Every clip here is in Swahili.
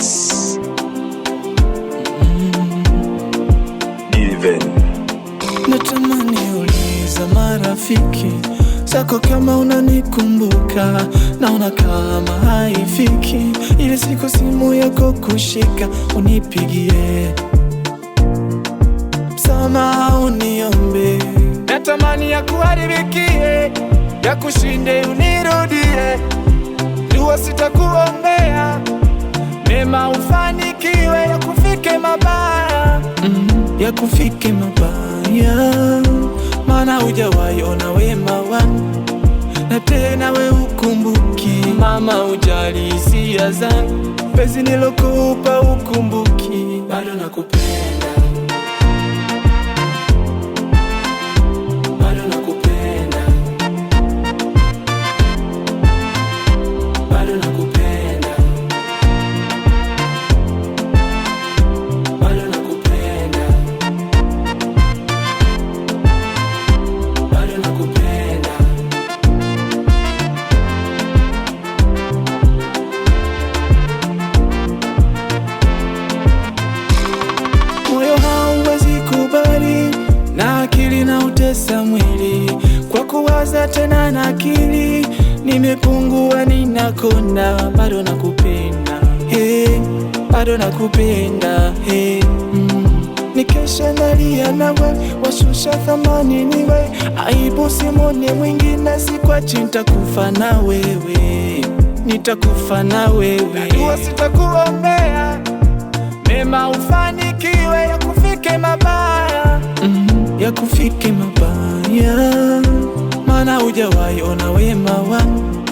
us even. Natamani uliza marafiki zako kama unanikumbuka, naona kama haifiki ili siku simu yako kushika, unipigie msamaha, uniombe. Natamani ya kuharibikie ya kushinde unirudie, dua sitakuombea Sema ufanikiwe, yakufike mabaya, mhm. yakufike mabaya, mana hujawahi ona wema mawa na tena we ukumbuki. Mama, ujali hisia zangu, pezi nilokupa ukumbuki, bado nakupenda akili na utesa mwili kwa kuwaza tena na akili, nimepungua ninakonda, bado nakupenda hey, eh, bado nakupenda hey, eh, mm. Nikesha nalia nawe, washusha thamani niwe aibu, simone mwingine, sikwachi, nitakufa na wewe, nitakufa na wewe, najua sitakuombea mema ufanikiwe, yakufike mabaya mm ya kufiki mabaya, mana hujawahi ona wema wangu,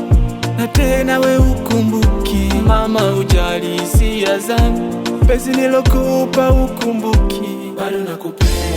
na tena we ukumbuki. Mama, hujali hisia zangu, pezi nilokupa ukumbuki, bado nakupenda